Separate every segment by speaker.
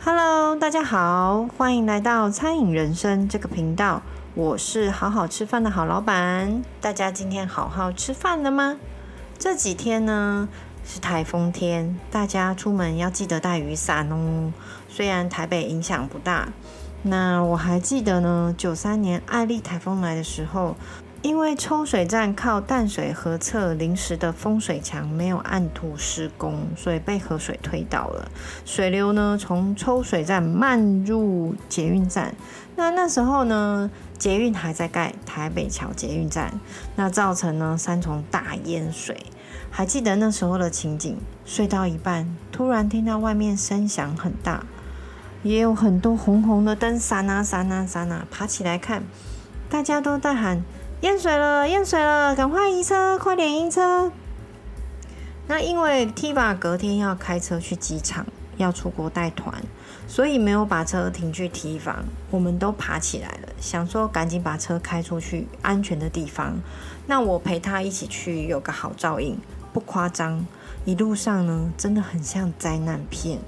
Speaker 1: Hello，大家好，歡迎來到餐飲人生這個頻道。我是好好吃飯的好老板。大家今天好好吃飯了嗎？這幾天呢是颱風天，大家出門要記得帶雨傘哦。雖然台北影響不大，那我還記得呢，九三年艾利颱風來的時候。因為抽水站靠淡水河側臨時的風水牆沒有按圖施工，所以被河水推倒了。水流呢從抽水站漫入捷運站，那那時候呢捷運還在蓋台北橋捷運站，那造成呢三重大淹水。還記得那時候的情景，睡到一半突然聽到外面聲響很大，也有很多紅紅的燈閃啊閃啊閃啊，爬起來看，大家都在喊，淹水了，淹水了，趕快移車，快點移車。那因為 Tiva 隔天要開車去機場，要出國帶團，所以沒有把車停去堤防。我們都爬起來了，想說趕緊把車開出去安全的地方。那我陪他一起去，有個好照應，不誇張。一路上呢，真的很像災難片，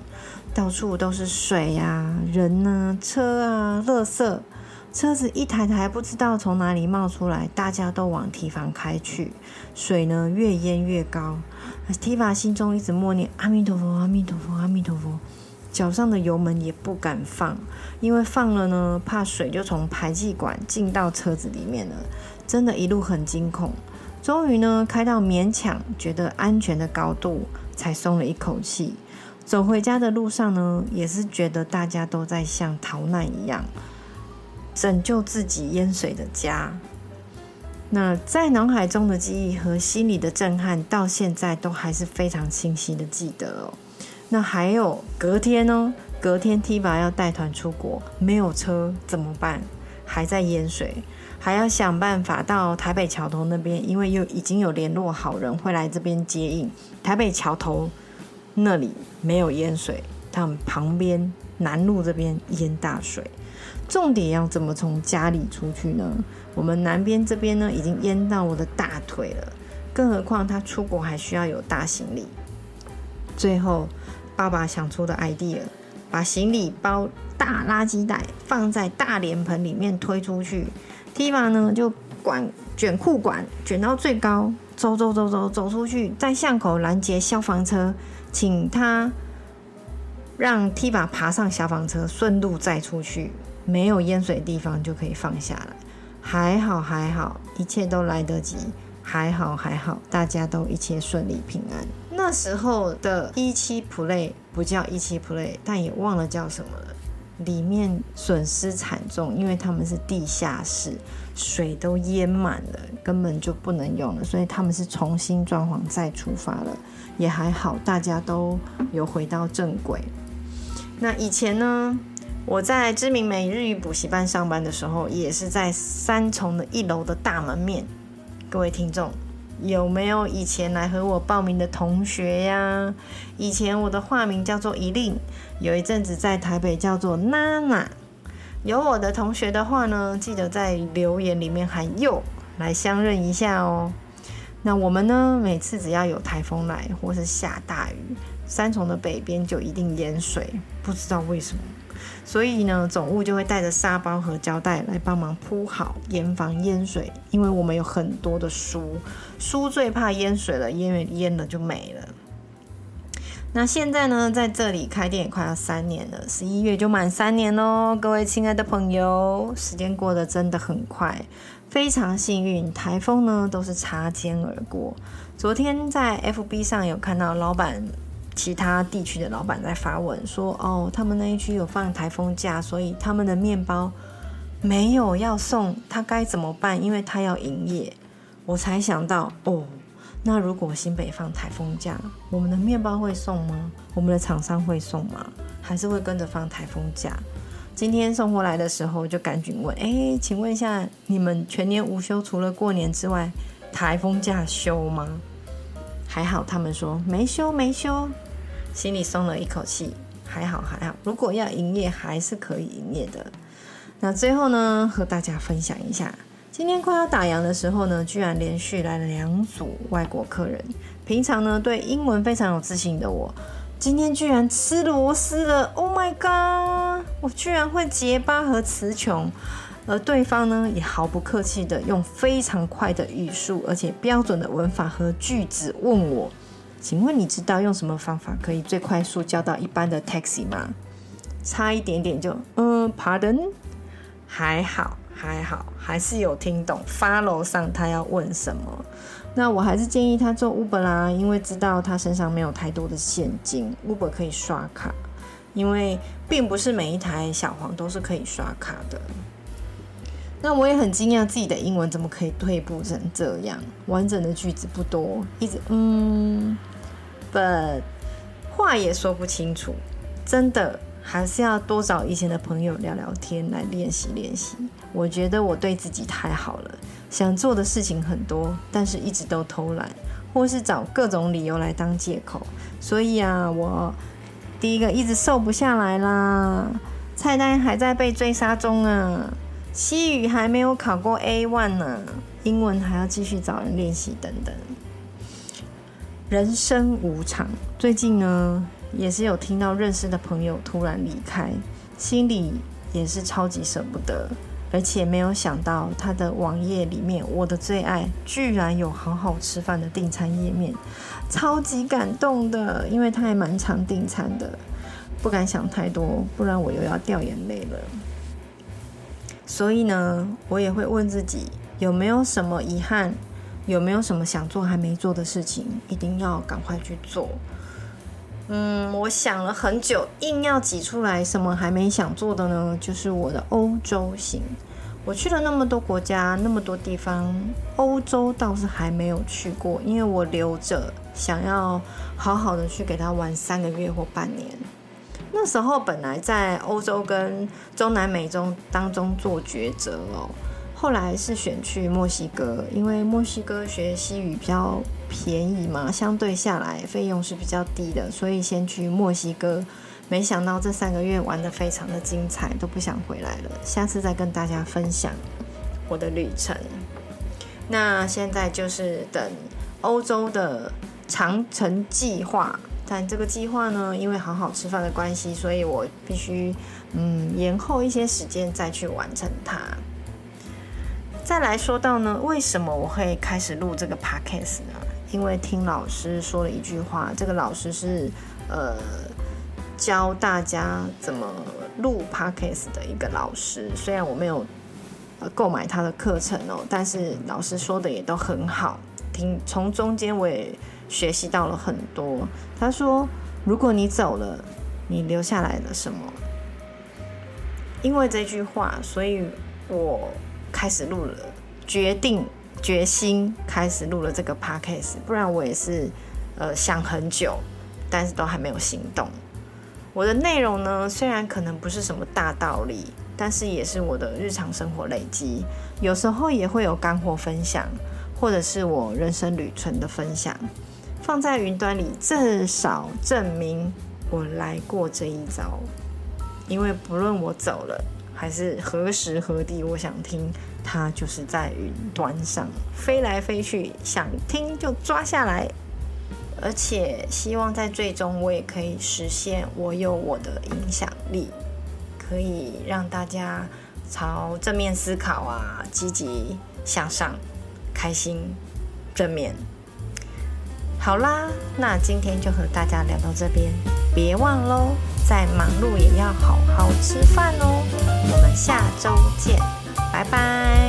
Speaker 1: 到處都是水啊、人啊、車啊、垃圾。車子一台台不知道從哪裡冒出來，大家都往堤防開去。水呢，越淹越高，提法心中一直默念阿彌陀佛，阿彌陀佛，阿彌陀佛。腳上的油門也不敢放，因為放了呢，怕水就從排氣管進到車子裡面了。真的，一路很驚恐。終於呢，開到勉強覺得安全的高度，才鬆了一口氣。走回家的路上呢，也是覺得大家都在像逃難一樣。拯救自己淹水的家，那在腦海中的記憶和心裡的震撼，到現在都還是非常清晰的記得哦。那還有隔天哦，隔天 t 拔要帶團出國，沒有車怎麼辦？還在淹水，還要想辦法到台北橋頭那邊，因為又已經有聯絡好人會來這邊接應。台北橋頭那裡沒有淹水，他們旁邊南路這邊淹大水。重點要怎麼從家裡出去呢？我們南邊這邊呢，已經淹到我的大腿了。更何況他出國還需要有大行李。最後，爸爸想出的 idea，把行李包、大垃圾袋放在大臉盆裡面推出去。Tiva 呢就管卷褲管卷到最高，走走走走走出去，在巷口攔截消防車，請他讓 Tiva 爬上消防車，順路再出去。沒有淹水的地方就可以放下來，還好還好，一切都來得及，還好還好，大家都一切順利平安。那時候的一、e、期 Play 不叫一、e、期 Play，但也忘了叫什麼了。裡面損失慘重，因為他們是地下室，水都淹滿了，根本就不能用了，所以他們是重新裝潢再出發了。也還好，大家都有回到正軌。那以前呢？.我在知名美日語補習班上班的時候，也是在三重的一樓的大門面。各位聽眾，有沒有以前來和我報名的同學呀？以前我的化名叫做一令，有一陣子在台北叫做娜娜。有我的同學的話呢，記得在留言裡面喊“又”來相認一下哦。那我們呢，每次只要有台風來或是下大雨，三重的北邊就一定淹水，不知道為什麼。所以呢，總務就會帶着沙包和膠帶來幫忙鋪好，嚴防淹水。因為我們有很多的書，書最怕淹水了，淹，淹了就沒了。那現在呢，在這裡開店也快要三年了，十一月就滿三年嘍。各位親愛的朋友，時間過得真的很快，非常幸運，颱風呢都是擦肩而過。昨天在 FB 上有看到老闆。其他地區的老闆在發文說：“哦，他們那一區有放台風假，所以他們的麵包沒有要送，他該怎麼辦？因為他要營業。”我才想到：“哦，那如果新北放台風假，我們的麵包會送嗎？我們的廠商會送嗎？還是會跟着放台風假？”今天送過來的時候，就趕緊問：“欸，請問一下，你們全年無休，除了過年之外，台風假休嗎？”還好他們說：“沒休，沒休。”心裡鬆了一口氣，還好還好。如果要營業，還是可以營業的。那最後呢，和大家分享一下，今天快要打烊的時候呢，居然連續來了兩組外國客人。平常呢，對英文非常有自信的我，今天居然吃螺絲了。Oh my god！我居然會結巴和詞窮，而對方呢，也毫不客氣的用非常快的語速，而且標準的文法和句子問我。請問你知道用什麼方法可以最快速叫到一般的 taxi 嗎？差一點點就，嗯，Pardon？還好還好，還是有聽懂。follow 上他要問什麼？那我還是建議他坐 Uber 啦，因為知道他身上沒有太多的現金，Uber 可以刷卡，因為並不是每一台小黃都是可以刷卡的。那我也很驚訝自己的英文怎麼可以退步成這樣，完整的句子不多，一直，嗯。But 話也說不清楚，真的還是要多找以前的朋友聊聊天來練習練習。我覺得我對自己太好了，想做的事情很多，但是一直都偷懶，或是找各種理由來當借口。所以啊，我第一個一直瘦不下來啦，菜單還在被追殺中啊，西語還沒有考過 A one 呢，啊，英文還要繼續找人練習等等。人生無常，最近呢也是有聽到認識的朋友突然離開，心裡也是超級捨不得，而且沒有想到他的網頁裡面我的最愛居然有好好吃飯的訂餐頁面，超級感動的，因為他還蠻常訂餐的，不敢想太多，不然我又要掉眼淚了。所以呢，我也會問自己有沒有什麼遺憾。有沒有什麼想做還沒做的事情，一定要趕快去做？嗯，我想了很久，硬要擠出來什麼還沒想做的呢？就是我的歐洲行，我去了那麼多國家，那麼多地方，歐洲倒是還沒有去過，因為我留着想要好好的去給他玩三個月或半年。那時候本來在歐洲跟中南美洲當中做抉擇哦。後來是選去墨西哥，因為墨西哥學西語比較便宜嘛，相對下來費用是比較低的，所以先去墨西哥。沒想到這三個月玩得非常的精彩，都不想回來了。下次再跟大家分享我的旅程。那現在就是等歐洲的長城計劃，但這個計劃呢，因為好好吃飯的關係，所以我必須嗯延後一些時間再去完成它。再來說到呢，為什麼我會開始錄這個 podcast 呢？因為聽老師說了一句話，這個老師是呃教大家怎麼錄 podcast 的一個老師。雖然我沒有，呃，購買他的課程哦，但是老師說的也都很好聽，從中間我也學習到了很多。他說：“如果你走了，你留下來了什麼？”因為這句話，所以我。開始錄了，決定，決心開始錄了這個 podcast，不然我也是，呃，想很久，但是都還沒有行動。我的內容呢，雖然可能不是什麼大道理，但是也是我的日常生活累積，有時候也會有乾貨分享，或者是我人生旅程的分享，放在雲端裡，至少證明我來過這一遭。因為不論我走了，還是何時何地，我想聽它，就是在雲端上飛來飛去，想聽就抓下來。而且希望在最終，我也可以實現，我有我的影響力，可以讓大家朝正面思考啊，積極向上，開心，正面。好啦，那今天就和大家聊到這邊，別忘嘍。再忙碌也要好好吃飯哦，我們下周見，拜拜。